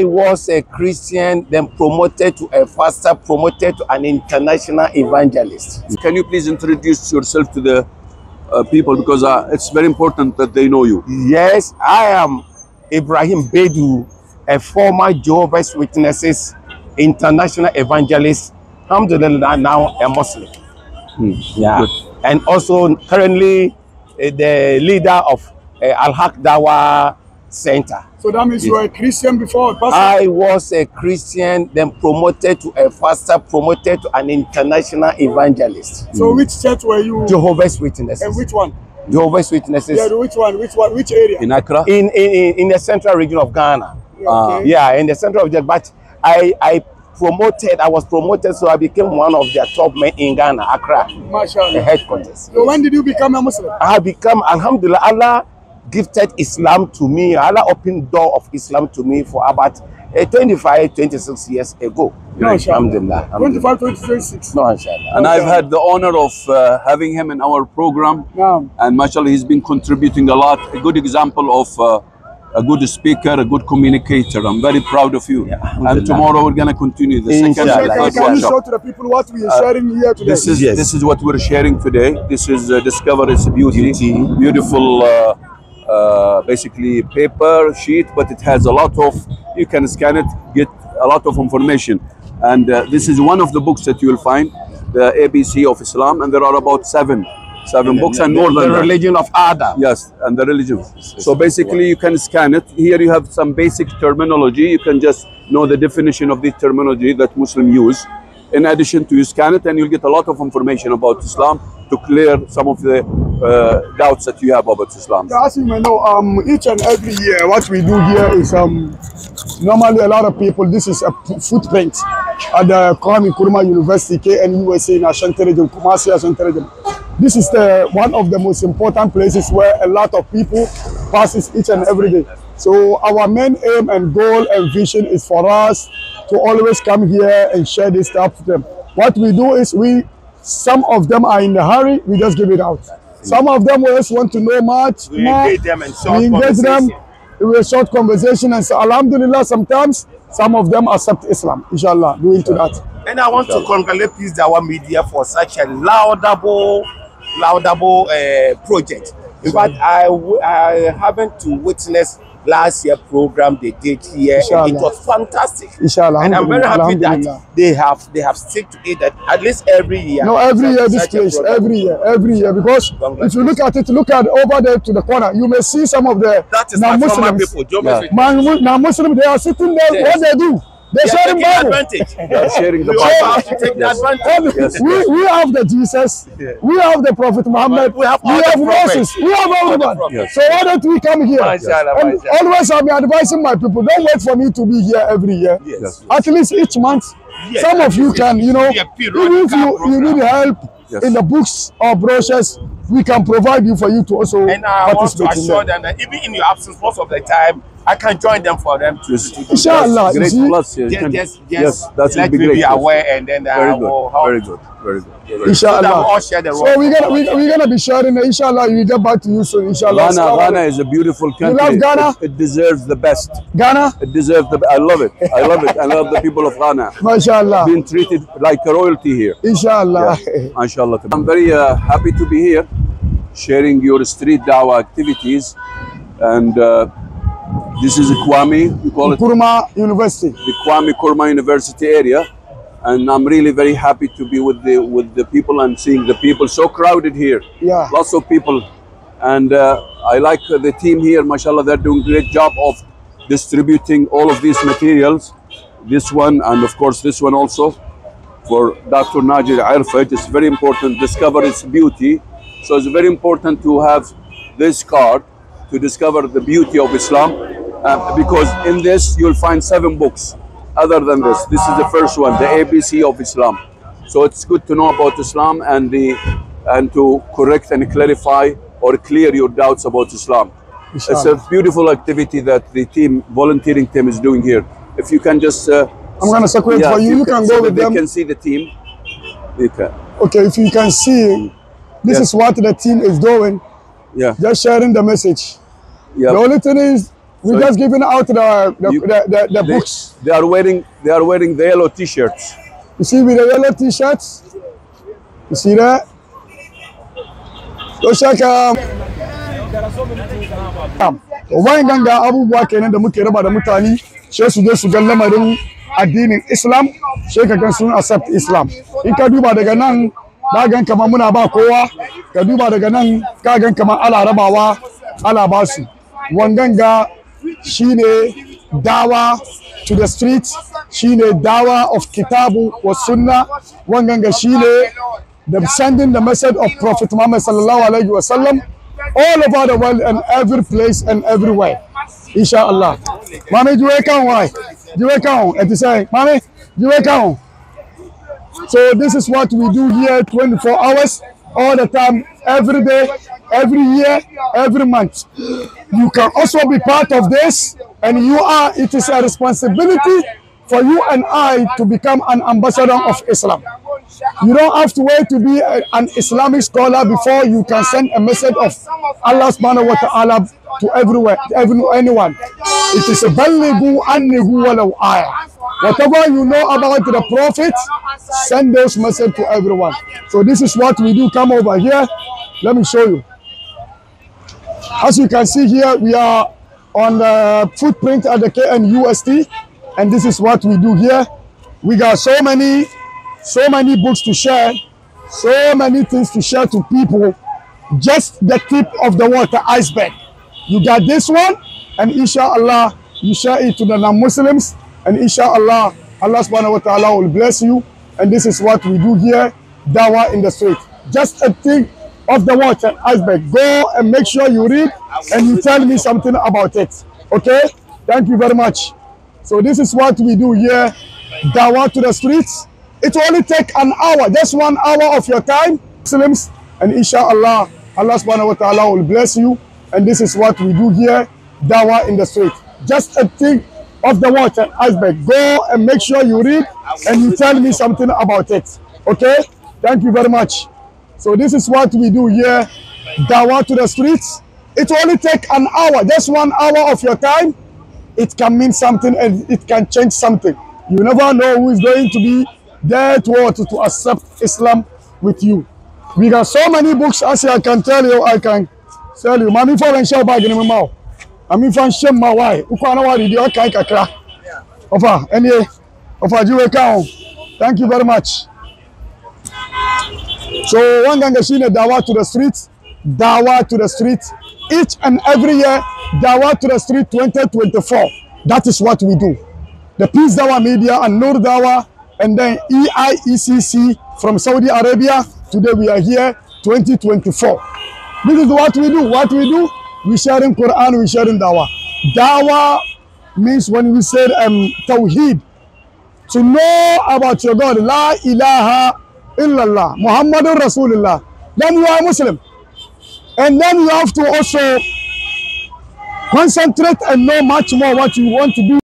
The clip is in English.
I was a Christian, then promoted to a pastor, promoted to an international evangelist. Can you please introduce yourself to the uh, people because uh, it's very important that they know you? Yes, I am Ibrahim Bedu, a former Jehovah's Witnesses international evangelist. Alhamdulillah, now a Muslim. Hmm. Yeah. Good. And also currently uh, the leader of uh, Al-Haq Dawah. Center. So that means you were a Christian before pastor? I was a Christian, then promoted to a pastor, promoted to an international evangelist. So mm. which church were you? Jehovah's Witnesses. And which one? Jehovah's Witnesses. Yeah, which one? Which one? Which area? In Accra? In in, in the central region of Ghana. Ah, okay. Uh, yeah, in the central of Ghana. But I I promoted, I was promoted, so I became one of their top men in Ghana, Accra. Mashallah. The headquarters. So when did you become a Muslim? I become, Alhamdulillah, Allah gifted Islam to me. Allah opened door of Islam to me for about uh, 25, 26 years ago. No, Alhamdulillah. 25, 26. No, inshallah. And I've had the honor of uh, having him in our program. Yeah. And mashallah, he's been contributing a lot. A good example of uh, a good speaker, a good communicator. I'm very proud of you. Yeah, and tomorrow we're going to continue the second Can, you show to the people what we are uh, sharing here today? This is, yes. this is what we're sharing today. This is uh, Discover Its Beauty. Beauty. Beautiful. Uh, uh, basically paper sheet, but it has a lot of, you can scan it, get a lot of information. And uh, this is one of the books that you will find, the ABC of Islam, and there are about seven, seven and books and more than The religion of Adam. Yes, and the religion. It's, it's so basically you can scan it. Here you have some basic terminology. You can just know the definition of the terminology that Muslims use. In addition to you scan it and you'll get a lot of information about Islam to clear some of the uh, doubts that you have about Islam? as you may know, um, each and every year, what we do here is um, normally a lot of people, this is a footprint at the Kwame Nkrumah University, KNUSA in Ashanti region, Kumasi Ashanti region. This is the, one of the most important places where a lot of people passes each and every day. So our main aim and goal and vision is for us to always come here and share this stuff with them. What we do is we, some of them are in a hurry, we just give it out. Some of them will just want to know much we more. Engage them in short we engage them with a short conversation and say, Alhamdulillah, sometimes some of them accept Islam, inshallah, due to that. And I want inshallah. to congratulate Peace Dawa Media for such a laudable, laudable uh, project. In fact, I, I haven't to witness last year program they did here. Inshallah. It was fantastic. Inshallah. And I'm very happy that they have they have stick to it that at least every year. No, every year this place, every year, every year. Because if you look at it, look at over there to the corner, you may see some of the that is non-Muslims. People, yeah. non-Muslim, they are sitting there. Yes. What they do? They're sharing advantage. They're sharing the Bible. yes. advantage. We, we have the Jesus. Yeah. We have the Prophet Muhammad. We have, we have Moses. We have everyone. Yes. So why don't we come here? Yes. And always I'll be advising my people, don't wait for me to be here every year. Yes. At least each month. Yes. Some of you can, you know, even if you, you need help yes. in the books or brochures, we can provide you for you to also And I want to assure them that even in your absence, most of the time, I can join them for them to. Inshallah. Great plus. Yes, yes, that's let me be aware and then Very I good. will help. Very good. Very good. Inshallah. So all share the so we're gonna we, we're gonna be sharing. Inshallah, we get back to you soon. Inshallah. Ghana, Ghana is a beautiful country. You love Ghana. It, it deserves the best. Ghana. It deserves the. I love it. I love it. I love the people of Ghana. Inshallah. Being treated like royalty here. Inshallah. Yeah. Inshallah. I'm very uh, happy to be here, sharing your street dawa activities, and. Uh, this is Kwame, we call Nkuruma it University. The Kwame Kurma University area. And I'm really very happy to be with the with the people and seeing the people. So crowded here. Yeah. Lots of people. And uh, I like uh, the team here, mashallah, they're doing a great job of distributing all of these materials. This one and of course this one also for Dr. Najir Arfat. It's very important discover its beauty. So it's very important to have this card to discover the beauty of Islam uh, because in this you'll find seven books other than this. This is the first one, the ABC of Islam. So it's good to know about Islam and the and to correct and clarify or clear your doubts about Islam. It's a beautiful activity that the team, volunteering team, is doing here. If you can just, uh, I'm going to separate yeah, for you. You, can, can, go so with they them. They can see the team. You can. Okay, if you can see, this yeah. is what the team is doing. Yeah. Just sharing the message. Yeah. The only thing is we so just giving out the the, you, the, the, the they, books. They are wearing they are wearing the yellow t-shirts. You see with the yellow t-shirts. You see that? Go check um, um, Wayan ga abubuwa kenan da muke raba da mutane sai su je su ga lamarin addinin Islam sai ka gan sun accept Islam. In ka duba daga nan ka gan kamar muna ba kowa ka duba daga nan ka gan kamar ala rabawa ala basu. Wangan ga shine dawa to the street shine dawa of kitabu wa sunna wanganga ga shine the sending the message of prophet muhammad sallallahu alaihi wasallam all over the world and every place and everywhere inshallah do you come why Do you come and to say do you come so this is what we do here 24 hours all the time every day every year, every month. You can also be part of this, and you are, it is a responsibility for you and I to become an ambassador of Islam. You don't have to wait to be a, an Islamic scholar before you can send a message of Allah subhanahu wa ta'ala to everywhere, every, anyone. It is a baligu annigu walau Whatever you know about the Prophet, send those message to everyone. So this is what we do. Come over here. Let me show you. As you can see here, we are on the footprint at the KNUST, and this is what we do here. We got so many, so many books to share, so many things to share to people. Just the tip of the water iceberg. You got this one, and inshallah, you share it to the non-Muslims, and inshallah, Allah subhanahu wa ta'ala will bless you. And this is what we do here, Dawa in the street. Just a thing of the water iceberg. Go and make sure you read and you tell me something about it. Okay? Thank you very much. So this is what we do here. Dawa to the streets. It will only take an hour, just one hour of your time. Muslims, and inshallah, Allah subhanahu wa ta'ala will bless you. And this is what we do here, Dawa in the street. Just a thing of the water iceberg. Go and make sure you read and you tell me something about it. Okay? Thank you very much. So this is what we do here, Dawa to the streets. It only take an hour, just one hour of your time. It can mean something and it can change something. You never know who is going to be there to, to accept Islam with you. We got so many books, as I can tell you, I can tell you. Mami foreign shell bag in my mouth. Mami fan shem my why. Ukwana wadi di okay kakra. Ofa, any, ofa jiwe kao. Thank you very much. So wanganga shine dawa to the streets, dawa to the streets. Each and every year, dawa to the street 2024. That is what we do. The Peace Dawa Media and Nur Dawa and then EIECC from Saudi Arabia. Today we are here 2024. This is what we do. What we do, we share in Quran, we share in Dawa. Dawa means when we say um, Tawheed, to know about your God, La ilaha illallah Muhammadun Rasulullah, then you are a Muslim. And then you have to also concentrate and know much more what you want to do.